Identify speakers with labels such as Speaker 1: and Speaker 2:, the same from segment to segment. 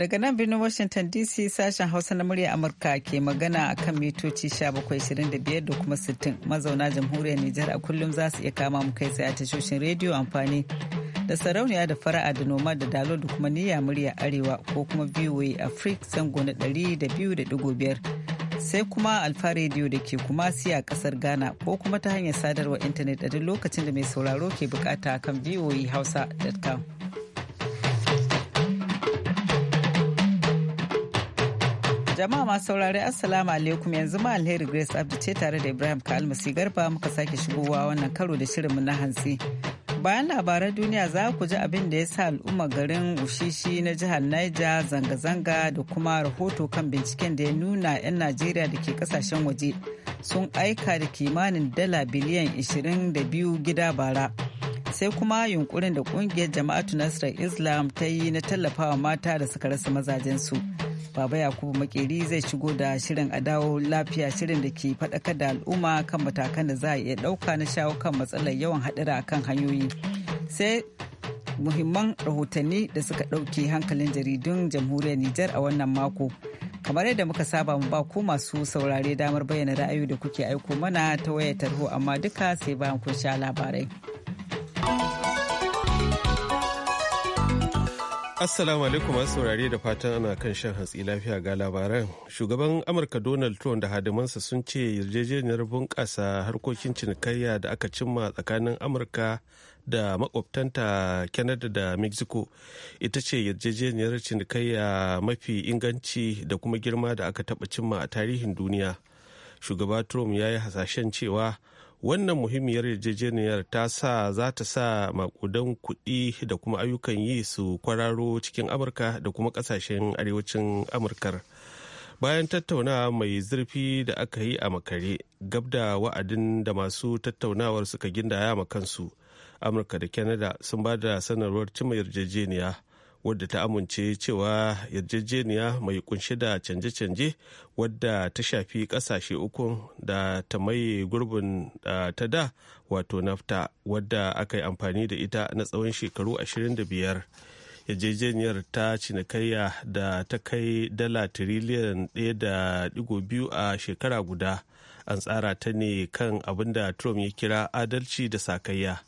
Speaker 1: Daga nan birnin Washington DC sashen Hausa na murya Amurka ke magana a kan mitoci 1725 da kuma 60 mazauna jamhuriyar Nijar a kullum za su iya kama mu kai tsaye a tashoshin rediyo amfani da sarauniya da fara'a da noma da dalo da kuma niyya murya arewa ko kuma VOA afrik zango na 200.5. sai kuma alfa rediyo da ke kuma siya kasar ghana ko kuma ta hanyar sadarwa intanet a duk lokacin da mai sauraro ke bukata kan voahausa.com Jama'a masu saurari Assalamu alaikum yanzu ma alheri Grace Abdi ce tare da Ibrahim Kalmasi Garba muka sake shigowa wannan karo da shirinmu na hantsi. Bayan labaran duniya za ku ji abin da ya sa al'umma garin Ushishi na jihar Niger zanga-zanga da kuma rahoto kan binciken da ya nuna 'yan Najeriya da ke kasashen waje sun aika da kimanin dala biliyan 22 gida bara. sai kuma yunkurin da kungiyar jama'atu nasarar islam ta yi na tallafawa mata da suka rasa mazajensu. su Baba Yakubu Makeri zai shigo da shirin a dawo lafiya shirin da ke faɗakar da al'umma kan matakan da za a iya ɗauka na shawo kan matsalar yawan haɗura a kan hanyoyi. Sai muhimman rahotanni da suka ɗauke hankalin jaridun jamhuriyar Nijar a wannan mako. Kamar yadda muka saba mu ba ku masu saurare damar bayyana ra'ayoyi da kuke aiko mana ta wayar tarho amma duka sai bayan kun sha labarai.
Speaker 2: Assalamu alaikum masu saurare da fatan ana kan shan hatsi lafiya ga labaran. Shugaban Amurka Donald Trump da hadimansa sun ce yarjejeniyar bunƙasa harkokin cinikayya da aka cimma tsakanin Amurka da makwabtanta Canada da Mexico ita ce yarjejeniyar cinikayya mafi inganci da kuma girma da aka taba cimma a tarihin duniya. Shugaba Trump ya yi hasashen cewa wannan muhimmiyar yarjejeniyar ta sa za ta sa makudan kuɗi da kuma ayyukan yi su kwararo cikin amurka da kuma ƙasashen arewacin amurkar bayan tattaunawa mai zurfi da aka yi a makare gab da wa'adin da masu tattaunawar suka gindaya ma kansu amurka da canada sun ba da sanarwar cima yarjejeniya wadda ta amince cewa yarjejeniya mai kunshe da canje-canje wadda ta shafi kasashe uku da ta maye gurbin ta da wato nafta wadda aka yi amfani da ita na tsawon shekaru 25 yarjejeniyar ta cinikayya da ta kai dala tiriliyan 1.2 a shekara guda an tsara ta ne kan abin da trump ya kira adalci da sakayya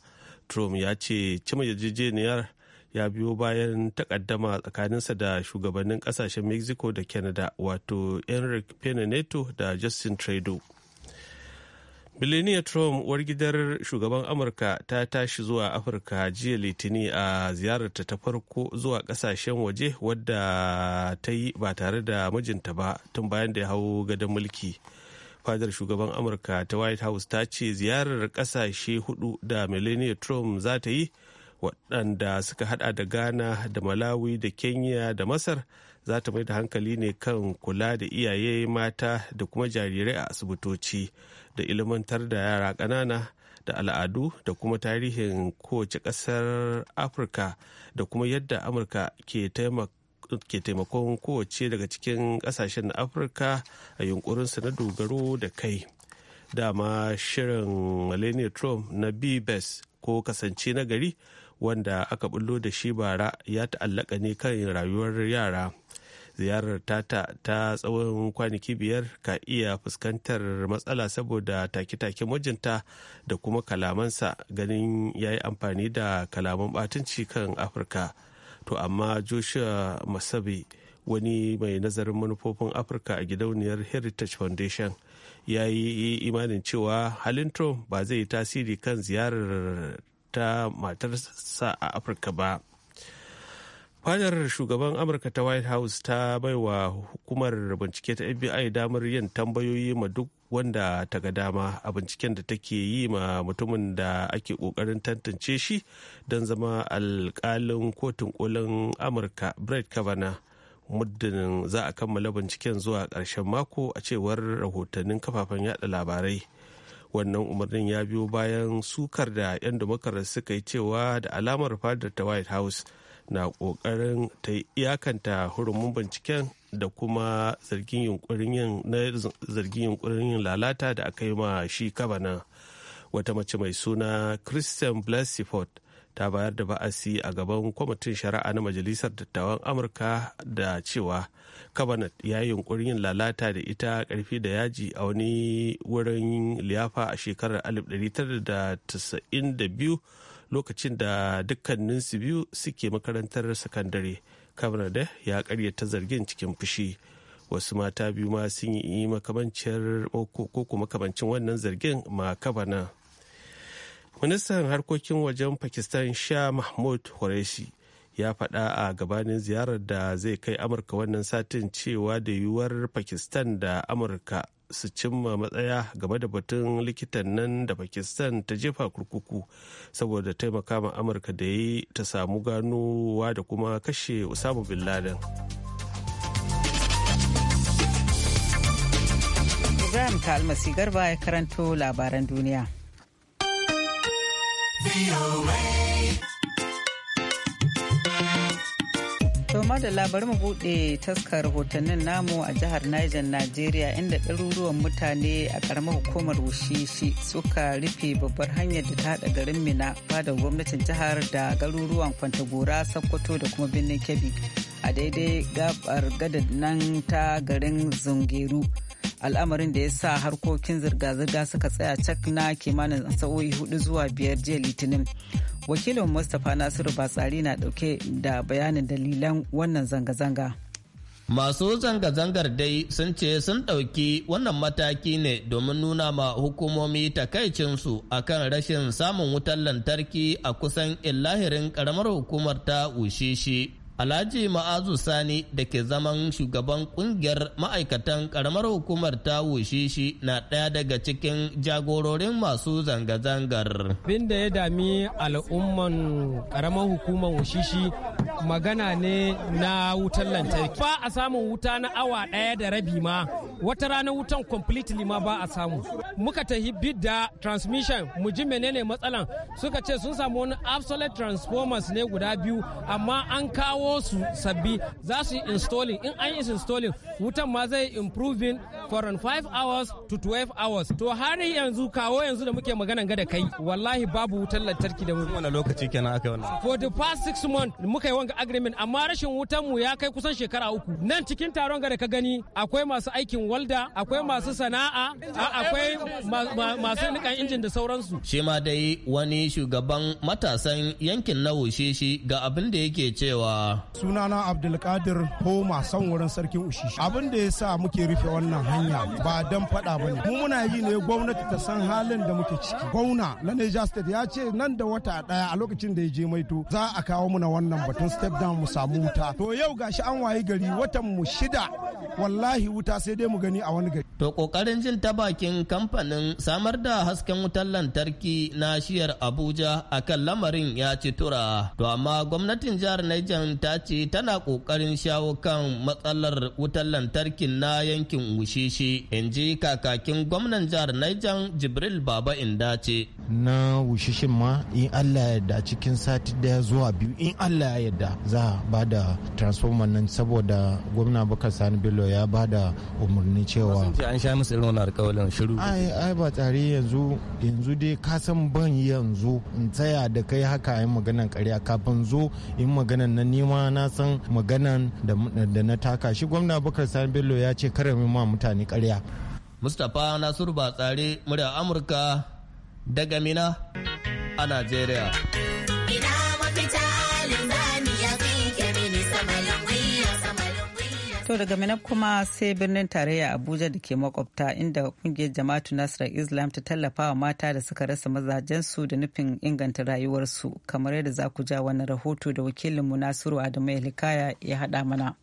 Speaker 2: trump ya ce cima yarjejeniyar ya biyo bayan takaddama tsakaninsa da shugabannin kasashen mexico da canada wato enrique pena neto da justin trudeau Melania Trump uwar gidar shugaban Amurka ta tashi zuwa Afirka jiya Litini a ziyararta ta farko zuwa kasashen waje wadda ta yi ba tare da mijinta ba tun bayan da ya hau gadon mulki. Fadar shugaban Amurka ta White House ta ce ziyarar kasashe hudu da Melania Trump za ta yi waɗanda suka hada da ghana da malawi da kenya da masar za ta mai da hankali ne kan kula da iyaye mata da kuma jarirai a asibitoci da ilmantar da yara ƙanana da al'adu da kuma tarihin kowace ƙasar afirka da kuma yadda amurka ke taimakon kowace daga cikin kasashen afirka a yunkurinsa na dogaro da kai dama shirin millennium trump na bbs ko kasance na gari wanda aka bullo da shi bara ya ta'allaka ne kan rayuwar yara ziyarar tata ta tsawon kwanaki biyar ka iya fuskantar matsala saboda take-take mijinta da kuma kalamansa ganin ya yi amfani da kalaman batunci kan afirka to amma joshua masabi wani mai nazarin manufofin afirka a gidauniyar heritage foundation ya yi imanin cewa halin trump ba zai yi tasiri kan ziyarar ta matarsa a afirka ba fadar shugaban amurka ta white house ta baiwa hukumar bincike ta fbi damar yin tambayoyi ma duk wanda ta ga dama a binciken da take yi ma mutumin da ake kokarin tantance shi don zama alkalin kotun kolin amurka brett kavanaugh muddin za a kammala binciken zuwa ƙarshen mako a cewar rahotannin kafafen yada labarai wannan umarnin ya biyo bayan sukar da 'yan damakarar suka yi cewa da alamar fadar ta white house na kokarin ta iyakanta hurumin binciken da kuma zargin yunkurin yin lalata da aka yi ma shi kabana wata mace mai suna christian blasey ta bayar da ba'asi a gaban kwamitin shari'a na majalisar dattawan amurka da cewa kabanat ya yi yunkurin yin lalata da ita karfi da yaji a wani wurin liyafa a shekarar 1992 lokacin da dukkaninsu biyu suke makarantar sakandare kavanaugh ya karyata zargin cikin fushi wasu mata biyu ma sun yi makamancin wannan zargin ma kavanaugh. ministan harkokin wajen pakistan shah mahmud Qureshi ya faɗa a gabanin ziyarar da zai kai amurka wannan satin cewa da yiwuwar pakistan da amurka su cimma matsaya game da batun likitan nan da pakistan ta jefa kurkuku saboda taimaka ma amurka da yi ta samu ganowa da kuma kashe usama bin laden
Speaker 1: ibrahim almasi garba ya karanto labaran duniya Toma da labar mu bude taskar rahotannin namu a jihar Niger Najeriya inda ɗaruruwan mutane a ƙaramar hukumar Wushishi suka rufe babbar hanyar da ta haɗa garin Mina da gwamnatin jihar da garuruwan Kwantagora, Sokoto da kuma birnin Kebbi a daidai gabar gadad nan ta garin Zungeru. al'amarin da ya sa harkokin zirga-zirga suka tsaya cak na kimanin sa'o'i hudu zuwa biyar jiya litinin wakilin mustapha nasiru batsari na dauke da bayanin dalilan wannan zanga-zanga
Speaker 3: masu zanga-zangar dai sun ce sun ɗauki wannan mataki ne domin nuna ma hukumomi takaicinsu akan rashin samun wutar lantarki a kusan illahirin karamar hukumar ta ushishi Alhaji Ma'azu Sani da ke zaman shugaban kungiyar ma'aikatan karamar hukumar ta wushishi na ɗaya daga cikin jagororin masu zanga-zangar. Abin da ya dami
Speaker 4: al'umman karamar hukumar wushishi magana ne na wutar lantarki. Ba a samun wuta na awa ɗaya da rabi ma, wata rana wutan completely ma ba a samu. Muka tafi bid da transmission mu ji menene matsalan suka ce sun samu wani absolute transformers ne guda biyu amma an kawo kawo sabbi za su yi installing in an yi installing wutan ma zai improving from 5 hours to 12 hours to har yanzu kawo yanzu da muke magana ga da kai wallahi babu wutar lantarki da
Speaker 3: wani lokaci kenan aka yi
Speaker 4: for the past six months muka yi wanga agreement amma rashin wutan mu ya kai kusan shekara uku nan cikin taron ga da ka gani akwai masu aikin walda akwai masu sana'a akwai masu
Speaker 3: nikan injin da sauransu shi ma dai wani shugaban matasan yankin na wushe shi ga abin da yake cewa
Speaker 5: Sunana Abdulkadir Homa son wurin sarkin Ushishi. Abin da ya sa muke rufe wannan hanya ba dan faɗa ba ne. Mu muna yi ne gwamnati ta san halin da muke ciki. Gwamna na Niger State ya ce nan da wata ɗaya a lokacin da ya je maito za a kawo muna wannan batun step down mu samu wuta. To yau gashi an
Speaker 3: wayi gari watan mu shida wallahi wuta sai dai mu gani a wani gari. To kokarin jin ta bakin kamfanin samar da hasken wutar lantarki na shiyar Abuja akan lamarin ya ci tura. To amma gwamnatin jihar Niger ta ce tana ƙoƙarin shawo kan matsalar wutar lantarkin na yankin wushishi in ji kakakin gwamnan jihar Niger Jibril Baba Inda ce.
Speaker 5: na wushishin ma in allah yadda cikin sati daya zuwa biyu in allah ya yadda za a ba da transformer nan saboda gwamna bakar sani bello ya ba da umarni cewa
Speaker 3: an sha musu irin wannan alkawalin shiru
Speaker 5: ai ai ba tsari yanzu yanzu dai ka san ban yanzu in tsaya da kai haka yin maganan karya kafin zo in maganan na nima na san maganan da na taka shi gwamna bakar sani bello ya ce karamin ma mutane karya.
Speaker 3: mustapha nasiru ba tsare murya amurka daga Mina a Najeriya.
Speaker 1: To daga Mina kuma sai birnin tarayya Abuja da ke makwabta inda kungiyar jama'atu Nasarar Islam ta tallafa wa mata da suka rasa mazajensu da nufin inganta rayuwarsu kamar yadda za ku ja wani rahoto da wakilinmu Nasiru Adamu Elikaya ya haɗa mana.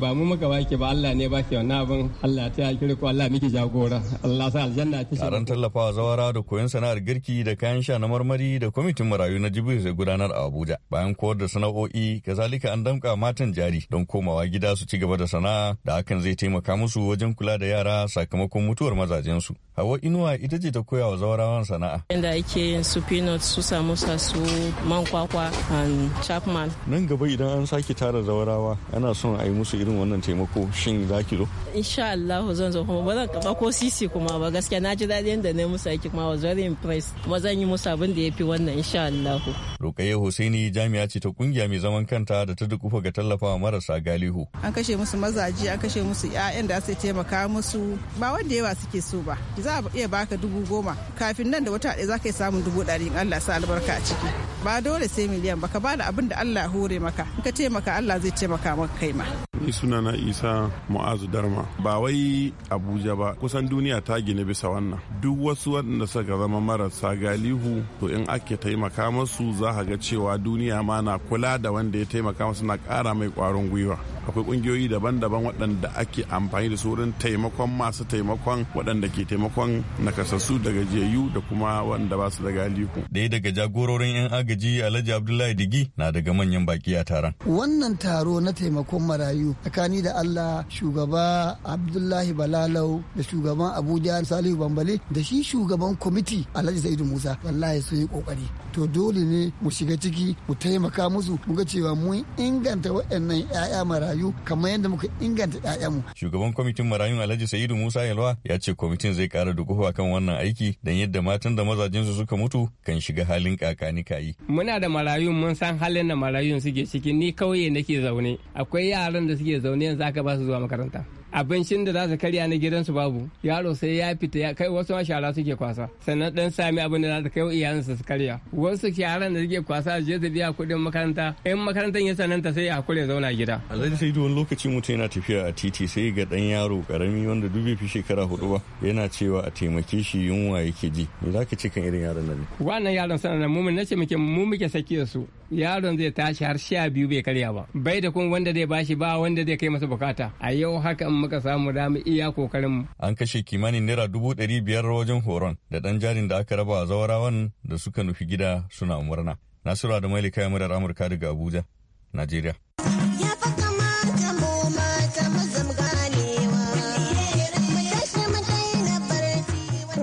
Speaker 1: ba mu muka baki ba Allah ne baki wannan abin Allah ta ko Allah miki jagora Allah
Speaker 4: sa aljanna ta shi ran
Speaker 6: tallafawa zawara da koyon sana'ar girki da kayan sha na marmari da kwamitin marayu na Jibril zai gudanar a Abuja bayan koyar da sana'o'i kazalika an damka matan jari don komawa gida su ci gaba da sana'a da hakan zai taimaka musu wajen kula da yara sakamakon mutuwar mazajensu Hawa Inuwa ita ce ta koya wa zaurawan sana'a. Yanda ake yin su peanut su samosa su man kwakwa and chapman. Nan gaba idan an sake tara zaurawa ana son a yi musu irin wannan taimako shin za ki zo?
Speaker 1: Insha Allah zan zo kuma ba zan kaba ko sisi kuma ba gaskiya na ji daɗin da na musu aiki kuma was very impressed kuma zan yi musu abin da ya fi wannan insha Allah.
Speaker 6: Rukayya Hussaini jami'a ce ta kungiya mai zaman kanta da ta dukufa ga tallafawa marasa galihu.
Speaker 1: An kashe musu mazaje an kashe musu 'ya'yan da su taimaka musu ba wanda yawa suke so ba. za a iya baka dubu goma kafin nan da wata ɗaya za ka yi samun dubu ɗari in Allah sa albarka a ciki ba dole sai miliyan ba ka ba da abin da Allah hore maka in ka taimaka Allah zai taimaka maka kai ma.
Speaker 7: ni sunana isa mu'azu darma ba wai abuja ba kusan duniya ta gina bisa wannan duk wasu waɗanda suka zama marasa galihu to in ake taimaka masu za ga cewa duniya ma na kula da wanda ya taimaka musu na ƙara mai ƙwarin gwiwa akwai kungiyoyi daban-daban waɗanda ake amfani da su wurin taimakon masu taimakon waɗanda ke
Speaker 6: taimakon nakasassu daga jiyayyu da kuma waɗanda ba su da galiku. Ɗaya daga jagororin 'yan agaji Alhaji Abdullahi Digi na daga manyan baki a taron.
Speaker 8: Wannan taro na taimakon marayu
Speaker 9: tsakani da Allah shugaba Abdullahi Balalau da shugaban Abuja Salihu Bambale da shi shugaban kwamiti Alhaji Saidu Musa wallahi sun yi kokari. To dole ne mu shiga ciki mu taimaka musu mu ga cewa mun inganta waɗannan 'ya'ya marayu marayu
Speaker 8: kamar yadda muka inganta 'ya'yanmu.
Speaker 6: Shugaban kwamitin marayun Alhaji Sa'idu Musa Yalwa ya ce kwamitin zai kara dukuhu kan wannan aiki don yadda matan da mazajinsu suka mutu kan shiga halin kakani kayi.
Speaker 4: Muna da marayun mun san halin da marayun suke ciki ni kauye nake zaune akwai yaran da suke zaune yanzu aka ba su zuwa makaranta. abincin da za su karya na gidansu babu yaro sai ya fita ya kai wasu shara suke kwasa sannan dan sami abin da za su kai iyayen su su karya wasu sharan da suke kwasa je su biya kuɗin makaranta in makarantar ya sananta sai ya kure zauna gida alhaji
Speaker 6: sai duwan lokaci mutum yana tafiya a titi sai ga dan yaro karami wanda dubi fi shekara hudu ba yana cewa a taimake shi yunwa yake ji me za ka ce kan irin yaron nan
Speaker 4: wannan yaron sanar mu mun nace muke mu muke sake su yaron zai tashi har sha biyu bai karya ba bai da kuma wanda zai bashi ba wanda zai kai masa bukata a yau haka in muka samu damu iya kokarin
Speaker 6: an kashe kimanin naira dubu ɗari biyar wajen horon da ɗan jarin da aka raba zawarawan da suka nufi gida suna murna nasiru da mailika murar amurka daga abuja najeriya.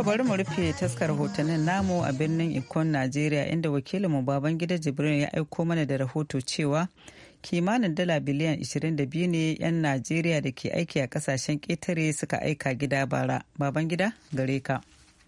Speaker 1: haka bari mu rufe taskar hotunan namu a birnin ikon najeriya inda wakilinmu baban gida jibril ya aiko mana da rahoto cewa kimanin dala biliyan 22 ne 'yan najeriya da ke aiki a kasashen ƙetare suka aika gida bara baban gida gare ka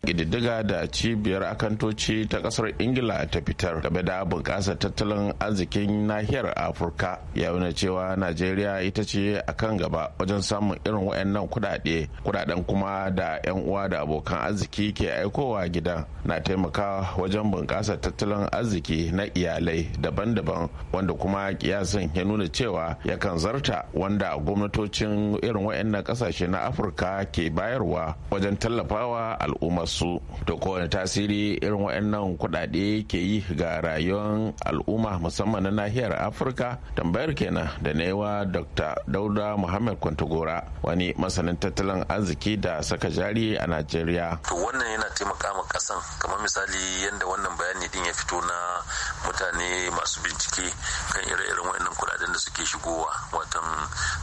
Speaker 7: kididiga da cibiyar akantoci ta kasar Ingila ta fitar game da bunƙasa tattalin arzikin nahiyar Afirka ya nuna cewa Najeriya ita ce a kan gaba wajen samun irin waɗannan kuɗaɗe kuɗaɗen kuma da 'yan uwa da abokan arziki ke aikowa gidan na taimakawa wajen bunƙasa tattalin arziki na iyalai daban-daban wanda kuma kiyasin ya nuna cewa yakan zarta wanda gwamnatocin irin wayannan ƙasashe na Afirka ke bayarwa wajen tallafawa al'umma su to kowane tasiri irin waɗannan kuɗaɗe ke yi ga rayuwar al'umma musamman na nahiyar afirka tambayar kenan da naiwa dr dauda muhammad kwantagora wani masanin tattalin arziki da saka jari a najeriya
Speaker 9: to wannan yana taimaka ma kasan kamar misali yadda wannan bayani din ya fito na mutane masu bincike kan ire-iren waɗannan kuɗaɗen da suke shigowa watan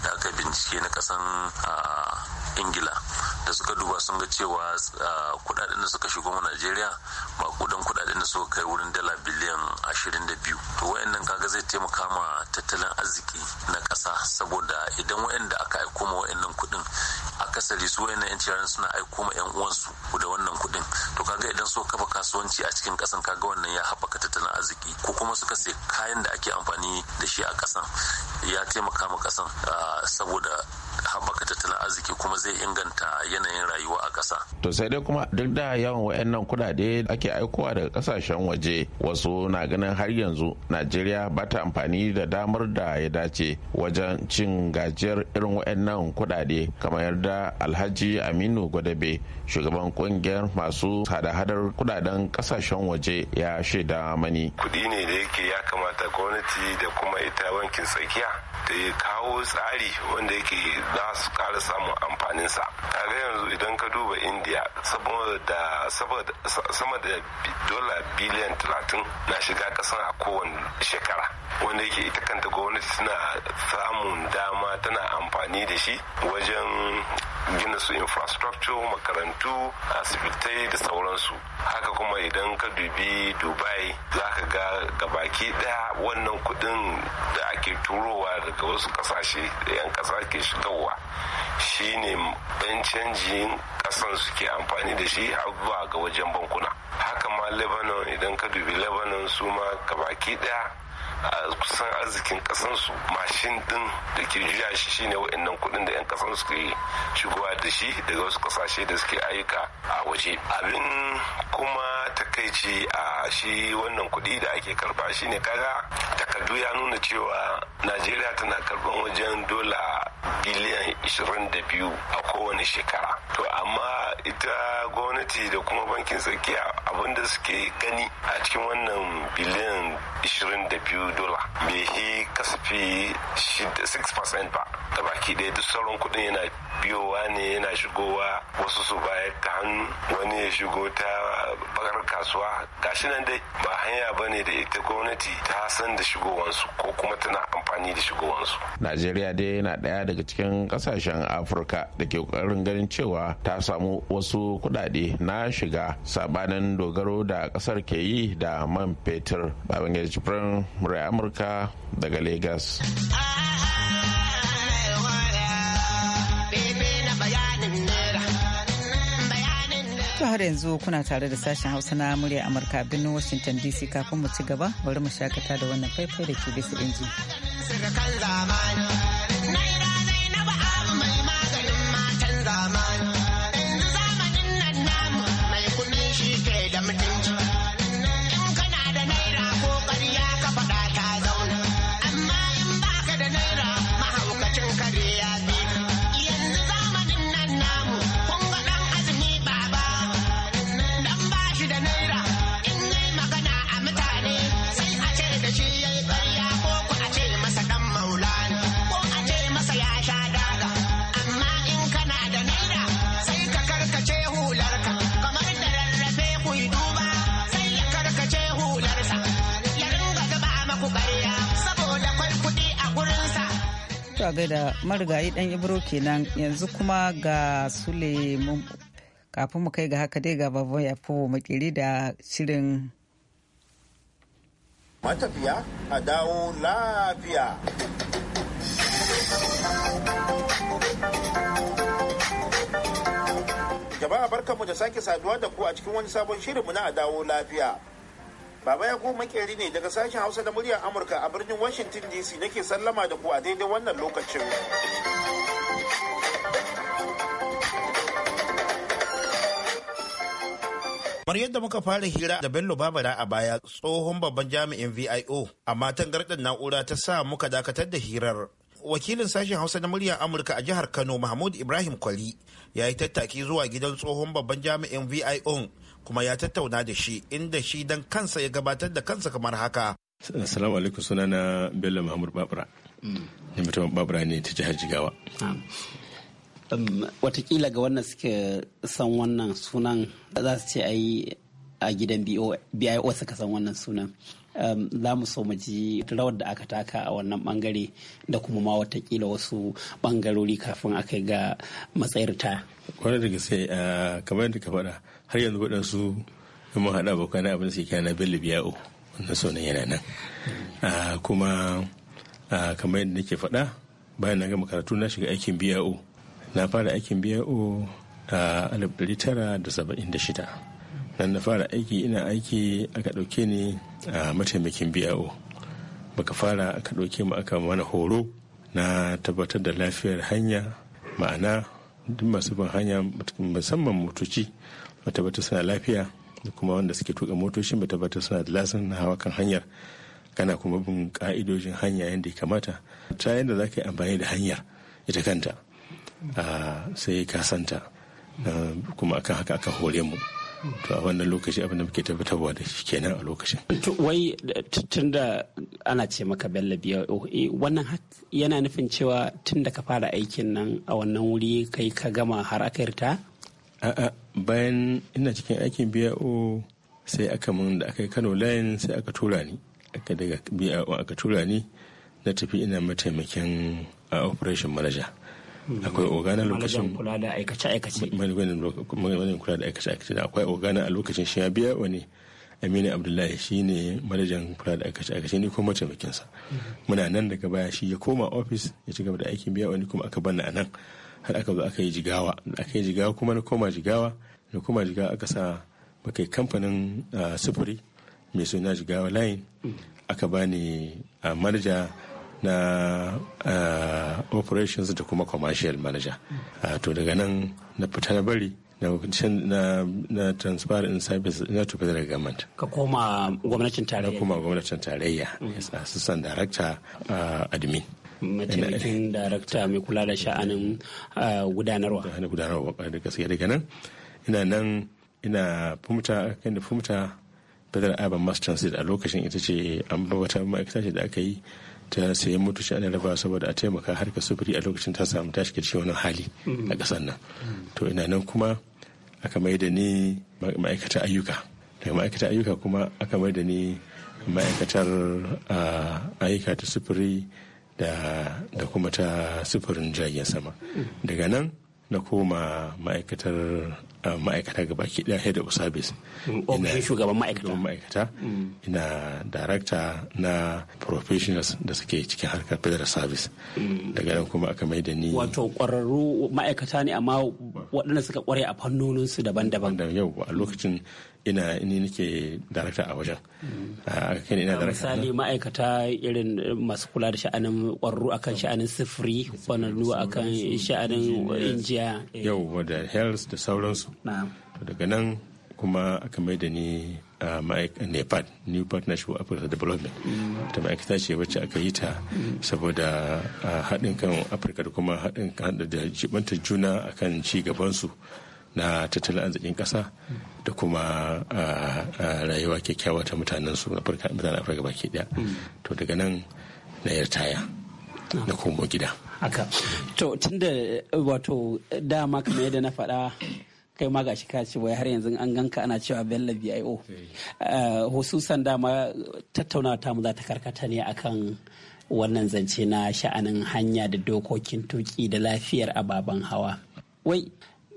Speaker 9: da aka bincike na kasan a ingila da suka duba sun ga cewa ah, kudaden da suka shigo mu Najeriya makudan kudaden da suka kai wurin dala biliyan 22 to wayannan kaga zai taimaka ma tattalin arziki na kasa saboda idan wayanda aka aiko ma wayannan kudin akasari su wayannan yan ciyaran suna aiko ma yan uwansu da wannan kudin to kaga idan so kafa kasuwanci a cikin kasan kaga wannan ya haɓaka tattalin arziki ko kuma suka sai kayan da ake amfani da shi a kasan ya taimaka ma kasan ah, saboda haɓaka tattalin arziki kuma zai inganta yanayin rayuwa a ƙasa.
Speaker 7: To sai dai kuma duk da yawan wayannan kuɗaɗe ake aikowa daga ƙasashen waje wasu na ganin har yanzu Najeriya ba ta amfani da damar da ya dace wajen cin gajiyar irin wayannan kuɗaɗe kamar yarda Alhaji Aminu Gwadabe shugaban kungiyar masu hada-hadar kuɗaɗen ƙasashen waje ya shaida mani.
Speaker 10: Kuɗi ne da yake ya kamata gwamnati da kuma ita bankin tsakiya da ya kawo tsari wanda yake za su ƙara samun amfanin sa tare yanzu idan ka duba india sama da dola biliyan talatin na shiga ƙasan a kowane shekara wanda yake ita kanta gwamnati suna samun dama tana amfani da shi wajen gina su infrastructure makarantu asibitai da sauransu haka kuma idan ka dubi dubai za ka ga gabaki daya wannan kudin da ake turowa daga wasu kasashe da 'yan kasa ke shigarwa shine ɗan canjin ƙasan suke amfani da shi abubuwa ga wajen bankuna haka ma lebanon idan ka dubi lebanon su ma gabaki daya A kusan arzikin su mashin din da ke juya shi shine wa'annan kuɗin da 'yan kasan suke shigowa da shi daga wasu kasashe da suke ayyuka a waje abin kuma takaici a shi wannan kuɗi da ake karba shine kaga takardu ya nuna cewa najeriya tana karban wajen dola biliyan 22 a kowane shekara to amma ita gwamnati da kuma bankin tsakiya abinda suke gani a cikin wannan biliyan 22 dola bai yi kasafi 6% ba da baki ɗaya duk sauran kuɗin yana biyowa ne yana shigowa wasu su bayar ta hannu wani ya shigo ta bakar kasuwa gashi nan dai ba hanya ba ne da ita gwamnati ta san da shigowansu ko kuma tana amfani da shigowansu
Speaker 7: najeriya dai yana ɗaya daga cikin ƙasashen afirka da ke ƙoƙarin ganin cewa ta samu wasu kuɗaɗe na shiga sabanin dogaro da ƙasar ke yi da man fetur babangare jibrin murai amurka daga lagos
Speaker 1: To har yanzu kuna tare da sashen Hausa na murya Amurka birnin Washington DC kafin mu ci gaba bari mu shakata da wannan faifai da ke bisa inji. a gaida marigayi dan ibro kenan yanzu kuma ga sule kafin mu kai ga haka dai ga babban yafo makiri da shirin
Speaker 5: matafiya a dawo lafiya jama'a barkanmu da sake saduwa da ku a cikin wani sabon shirinmu na a dawo lafiya Baba ya goma makeri ne daga sashen Hausa da muryar Amurka a birnin Washington DC nake sallama da ku a daidai wannan lokacin. kamar yadda muka fara hira da bello babara a baya tsohon babban jami'in vio a matan tangarɗar na'ura ta sa muka dakatar da hirar wakilin sashen hausa na muryar amurka a jihar kano mahmud ibrahim kwali ya yi tattaki zuwa gidan tsohon babban jami'in vio kuma ya tattauna da shi inda shi dan kansa ya gabatar da kansa kamar haka.
Speaker 11: Assalamu alaikum na Bello Muhammad Babura. Mm. Ni mutum Babura ne ta jihar Jigawa.
Speaker 9: Um, watakila ga wannan suke san wannan sunan za su ce ayi a gidan BIO suka san wannan sunan. Um, za mu so rawar da aka taka a wannan bangare da kuma ma watakila wasu bangarori kafin aka ga matsayar ta.
Speaker 11: da gaske eh, kamar yadda ka faɗa har yanzu waɗansu in mun haɗa abokan abin da suke na bello biya'o wannan sunan yana nan ah, kuma ah, kamar yadda nake faɗa bayan na gama karatu na shiga aikin biya'o na fara aikin biya'o a 1976 nan na fara aiki ina aiki aka ɗauke ni a ah, mataimakin biya'o baka fara aka ɗauke mu aka mana horo na tabbatar da lafiyar hanya ma'ana duk masu bin hanya musamman motoci ba tabbatar suna lafiya da kuma wanda suke tuka motocin batabata tabbatar suna da lasin na hawa kan hanyar kana kuma bin ka'idojin hanya yadda ya kamata ta yadda za ka yi amfani da hanyar ita kanta sai ka santa kuma akan haka aka hore mu to a wannan lokaci abin da muke tabbatarwa da shi kenan a lokacin wai
Speaker 9: tun da ana ce maka bello biya eh, wannan yana nufin cewa tun da ka
Speaker 11: fara aikin nan a wannan wuri kai ka gama har aka yarta a'a bayan ina cikin aikin BIO sai aka mun da aka yi Kano line sai aka tura ni aka daga BIO aka tura ni na tafi ina mataimakin operation manager
Speaker 2: hmm. akwai ogana lokacin
Speaker 11: kula da aikace aikace manajan kula da aikace aikace akwai ogana a lokacin shi ya biya wani aminu abdullahi shi ne manajan kula da aikace aikace ni kuma mataimakinsa hmm. muna nan daga baya shi ya koma ofis ya ci gaba da aikin biya wani kuma aka banna a nan har aka zo aka yi jigawa aka yi jigawa kuma na koma jigawa na koma jigawa aka sa muka kamfanin ah, sufuri mai suna jigawa line aka bani a ah, manaja na ah, operations da kuma commercial manager to daga nan na fita na bari na na transfer in service na to federal government ka koma gwamnatin tarayya ka koma gwamnatin tarayya assistant director admin mataimakin darakta mai kula da sha'anin gudanarwa da gudanarwa da daga nan ina nan ina fumta kan da fumta bedar aban mass transit a lokacin ita ce an ba wata ma'aikata ce da aka yi ta sayan mutu ana raba saboda a taimaka harkar sufuri a lokacin ta samu ta shiga cikin wani hali a ƙasar nan to ina nan kuma aka mai da ni ma'aikatar ayyuka daga ma'aikatar ayyuka kuma aka mai da ni ma'aikatar ayyuka ta sufuri da kuma ta sufurin jiragen sama daga nan na koma ma'aikatar eh, ma'aikata gaba ke ɗaya head of service mm, ofishin shugaban ma'aikata mm. ina darakta na professionals da suke cikin harkar federal service mm. daga nan kuma aka mai da ni
Speaker 9: wato ƙwararru ma'aikata ne amma waɗanda suka
Speaker 11: ƙware a fannoninsu daban-daban yau a lokacin ina ni nake darakta a wajen mm. aka ah, ina darakta misali
Speaker 9: ma'aikata irin eh, masu kula da sha'anin kwararru akan sha'anin sifiri kwanannu akan sha'anin injiya
Speaker 11: eh. yau da health da sauransu daga nan kuma aka mai da ni ah, nepal new partnership for africa development mm. ta ma'aikata ce wacce aka yi ta mm. saboda ah, haɗin kan afirka da kuma haɗin kan da jibanta juna akan ci gabansu su na tattalin arzikin ƙasa da kuma rayuwa kyakkyawa ta mutanen su na mutanen afirka baki daya to daga nan na yartaya na komo gida
Speaker 9: haka to tunda wato dama kamar yadda na faɗa kai ma gashi ka ce wai har yanzu an ganka ana cewa Bello bio hususan dama tattaunawa ta mu za ta karkata ne akan wannan zance na sha'anin hanya da dokokin tuki da lafiyar ababen hawa wai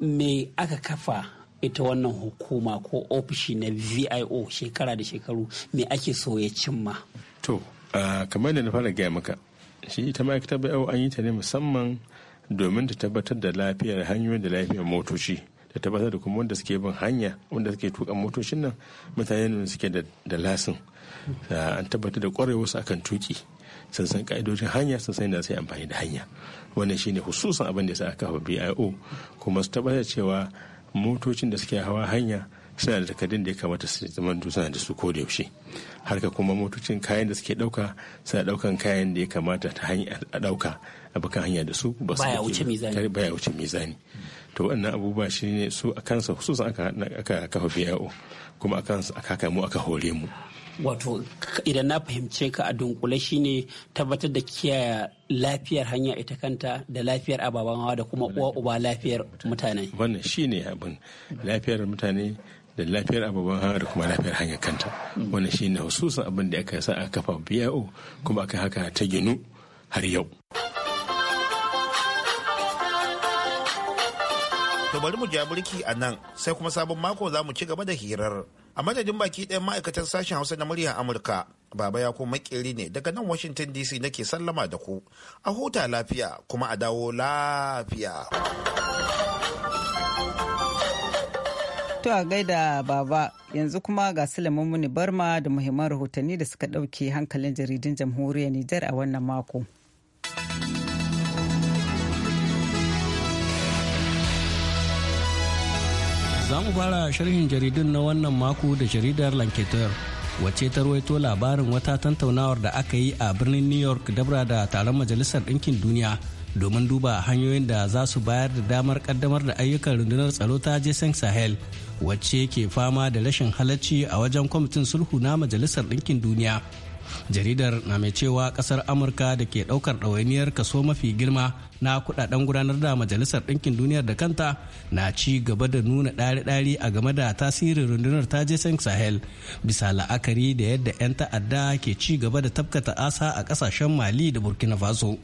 Speaker 9: me aka kafa ita wannan hukuma ko ofishi na vio shekara da shekaru me ake so ya cimma
Speaker 11: to kamar da na fara gaya maka shi ita ma'aikatar bio an yi ta ne musamman domin ta tabbatar da lafiyar hanyoyin da lafiyar motoci da tabbatar da kuma wanda suke bin hanya wanda suke tuka motocin nan mutane ne suke da lasin an tabbatar da kwarewarsu akan tuki sun san ka'idojin hanya sun san da sai amfani da hanya wannan shine hususan abin da aka kafa BIO kuma su tabbatar cewa motocin da suke hawa hanya suna da takardun da ya kamata su zama suna da su ko da yaushe harka kuma motocin kayan da suke dauka suna daukan kayan da ya kamata ta hanya a dauka a bakan hanya da su ba su baya wuce mizani to wannan abubuwa shine su a kansa hususan aka kafa BIO kuma a kansa aka mu aka hore mu
Speaker 9: wato idan na fahimce ka a dunkule shine tabbatar da kiyaye lafiyar hanya ita kanta da lafiyar ababen hawa da kuma uwa uba lafiyar mutane
Speaker 11: wannan shine abin lafiyar mutane da lafiyar ababen hawa da kuma lafiyar hanyar kanta wannan shine hususan abin da aka sa a kafa biyo kuma aka haka ta ginu har yau
Speaker 5: To bari mu ja burki a nan sai kuma sabon mako za mu ci gaba da hirar. A madadin baki ɗayan ma'aikatan sashen Hausa na murya Amurka, Baba ya ko makeri ne daga nan Washington DC nake sallama da ku. A huta lafiya kuma a dawo lafiya.
Speaker 1: To a gaida baba yanzu kuma ga Sulaiman Muni Barma da muhimman rahotanni da suka ɗauke hankalin jaridun jamhuriyar Nijar a wannan mako.
Speaker 4: Za mu fara sharhin jaridun na wannan mako da jaridar Lanketer. wacce ta ruwaito labarin wata tantaunawar da aka yi a birnin new york dabra da taron majalisar ɗinkin duniya domin duba hanyoyin da za su bayar da damar kaddamar da ayyukan rundunar tsaro ta jason sahel wacce ke fama da rashin halacci a wajen kwamitin sulhu na majalisar ɗinkin duniya jaridar na mai cewa kasar amurka da ke daukar ɗawainiyar kaso mafi girma na kudaden gudanar da majalisar ɗinkin Duniya da kanta na ci gaba da nuna ɗari-ɗari a game da tasirin rundunar ta jason sahel bisa la'akari da yadda 'yan ta'adda ke ci gaba da tafkata asa a ƙasashen mali da burkina faso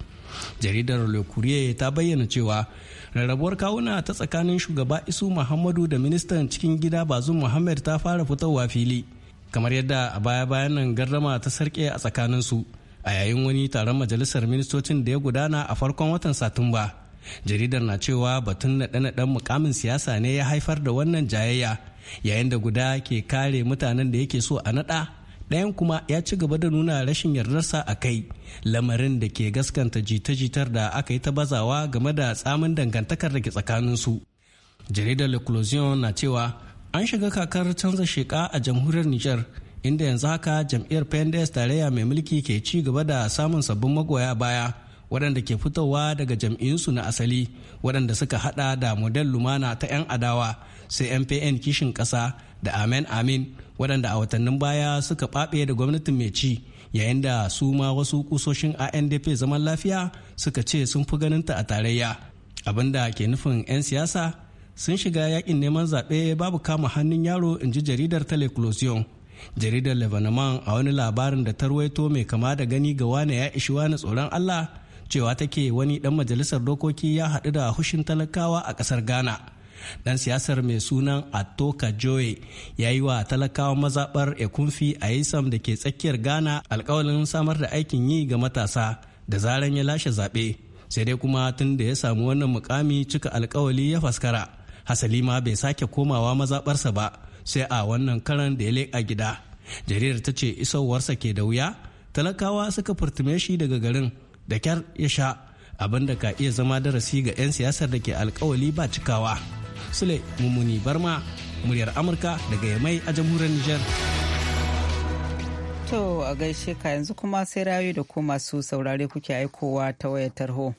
Speaker 4: jaridar le courier ta bayyana cewa rarrabuwar kawuna ta tsakanin shugaba isu muhammadu da ministan cikin gida bazum muhammad ta fara fitowa fili kamar yadda a baya-bayan nan gardama ta sarke a tsakaninsu a yayin wani taron majalisar ministocin da ya gudana a farkon watan satumba jaridar na cewa batun naɗe-naɗen mukamin siyasa ne ya haifar da wannan jayayya yayin da guda ke kare mutanen da yake so a naɗa ɗayan kuma ya ci gaba da nuna rashin yardarsa a kai lamarin da ke gaskanta jita-jitar da aka yi ta bazawa game da tsamin dangantakar da ke tsakaninsu jaridar le na cewa an shiga kakar canza sheka a jamhuriyar Nijar, inda yanzu haka jam'iyyar pendes tarayya mai mulki ke ci gaba da samun sabbin magoya baya waɗanda ke fitowa daga jam'iyyunsu na asali waɗanda suka hada da model lumana ta 'yan adawa sai mpn kishin ƙasa da amen amin waɗanda a watannin baya suka ɓaɓe da gwamnatin mai ci yayin da su ma wasu kusoshin andp zaman lafiya suka ce sun fi ganinta a tarayya abinda ke nufin 'yan siyasa sun shiga yakin neman zaɓe babu kama hannun yaro in ji jaridar teleclosion jaridar lebanon a wani labarin da ta tarwaito mai kama da gani ga wane ya ishi wani tsoron allah cewa take wani dan majalisar dokoki ya haɗu da hushin talakawa a ƙasar ghana dan siyasar mai sunan atoka kajoe ya yi wa talakawa mazaɓar ekunfi a yisam da ke tsakiyar ghana alkawalin samar da aikin yi ga matasa da zaran ya lashe zaɓe sai dai kuma tun da ya samu wannan mukami cika alkawali ya faskara hasali ma bai sake komawa mazaɓarsa ba sai a wannan karan da ya leƙa gida jaridar ta ce isowarsa ke da wuya talakawa suka furtume shi daga garin da kyar ya sha abin da ka iya zama darasi ga 'yan siyasar da ke alkawali ba cikawa sule mummuni barma muryar amurka daga yamai a jamhuriyar niger
Speaker 1: to a gaishe ka yanzu kuma sai rayu da ku masu saurare kuke aikowa ta wayar tarho.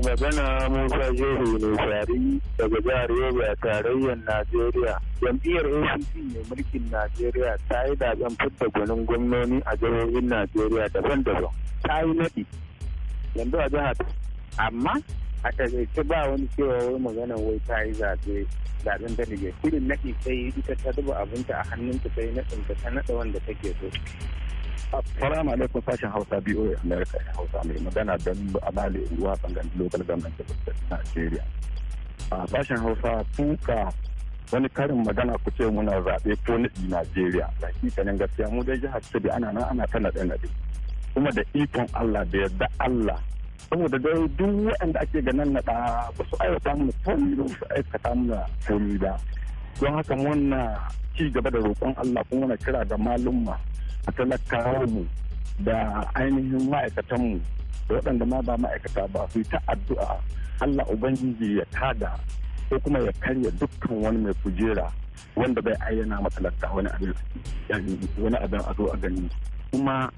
Speaker 8: mai magana musa shehu ne fari daga jihar yobe tarayyar najeriya jam'iyyar acc mai mulkin najeriya ta yi zaben fitta gwanin gwamnoni a jihohin najeriya daban-daban ta yi naɗi yanzu a jihar amma a takaice ba wani cewa wai magana wai ta yi zaɓe zaɓen dalige shirin naɗi sai ita ta zuba abinta a hannunta sai naɗinta ta naɗa wanda take so Assalamu alaikum sashen Hausa ya Amerika ya Hausa mai magana don amali ruwa bangaren local government da Nigeria. A sashen Hausa kuka wani karin magana ku ce muna zaɓe ko naɗi Najeriya. Hakikanin gaskiya mu dai jihar Kebbi ana nan ana ta naɗe-naɗe. Kuma da ikon Allah da yarda Allah saboda dai duk waɗanda ake ganin naɗa ba su aikata mana komi ba su aikata mana komi ba. Don haka muna ci gaba da roƙon Allah kuma muna kira ga malumma a talakawarmu da ainihin ma'aikatanmu da waɗanda ma ba ma'aikata ba su yi ta addu'a Allah Ubangiji ya tada ko kuma ya karya dukkan wani mai kujera wanda bai ayyana matalaka wani abin wani abin a zo a gani kuma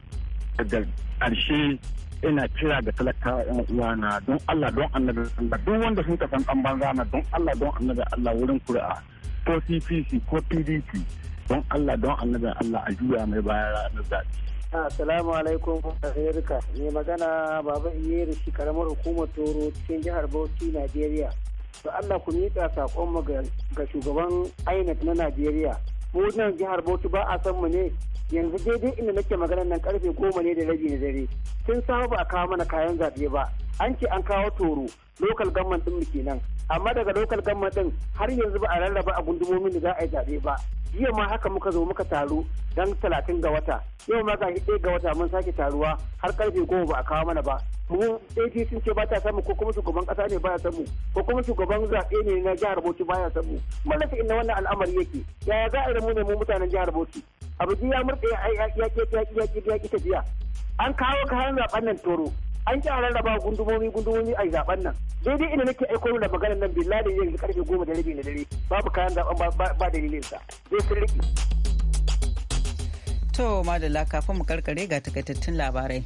Speaker 8: daga ƙarshe ina kira ga talakawa yan uwana don Allah don annabi Allah duk wanda sun kasan an banza na don Allah don annabi Allah wurin kura ko CPC ko PDP don Allah don annabin Allah a juya mai baya ranar zaɓe. Assalamu alaikum Amerika ne magana baba Iyeri shi karamar hukumar Toro cikin jihar Bauchi Najeriya. To Allah ku miƙa saƙon mu ga shugaban INEC na Najeriya. Mu nan jihar Bauchi ba a san mu ne yanzu daidai inda nake magana nan karfe goma ne da rabi na dare. Tun samu ba a kawo mana kayan zaɓe ba. an ce an kawo toro lokal government din nan amma daga lokal government din har yanzu ba a rarraba a gundumomin da za a yi zaɓe ba jiya ma haka muka zo muka taru dan talatin ga wata yau ma gashi ɗaya ga wata mun sake taruwa har karfe goma ba a kawo mana ba mu ɗaya sun ce ba ta samu ko kuma shugaban ƙasa ne baya samu ko kuma shugaban zaɓe ne na jihar Bauchi baya samu mallaka inda wannan al'amari yake yaya za a yi mu ne mu mutanen jihar Bauchi abu ya murɗe ya ya ya ya ya an kawo kayan zaɓen nan toro an a rarraba gundumomi gundumomi a zaben nan daidai ina nake aiko da maganar nan billahi yanzu karfe goma da rabi na dare babu kayan zaben ba dalilin sa zai sun rike
Speaker 1: to madalla kafin mu karkare ga takaitattun labarai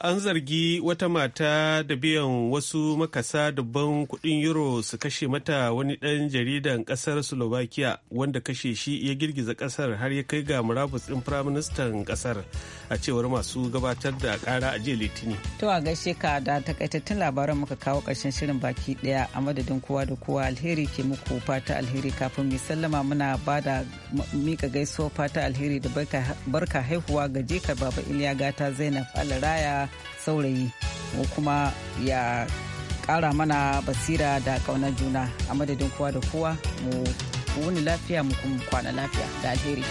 Speaker 2: an zargi wata mata da biyan wasu makasa dubban kuɗin euro su kashe mata wani ɗan jaridan ƙasar slovakia wanda kashe shi ya girgiza ƙasar har ya kai ga murabus ɗin firaministan ƙasar a cewar masu gabatar da ƙara a jiya litini
Speaker 1: to a gaishe ka da takaitattun labaran muka kawo ƙarshen shirin baki ɗaya a madadin kowa da kowa alheri ke muku fata alheri kafin mu sallama muna ba da mika gaisuwa fata alheri da barka haihuwa ga jikar baba iliya gata zainab alaraya Saurayi saurayi kuma ya kara mana basira da kaunar juna a madadin kowa da kowa mu wuni lafiya mu kuma kwana lafiya da alheri.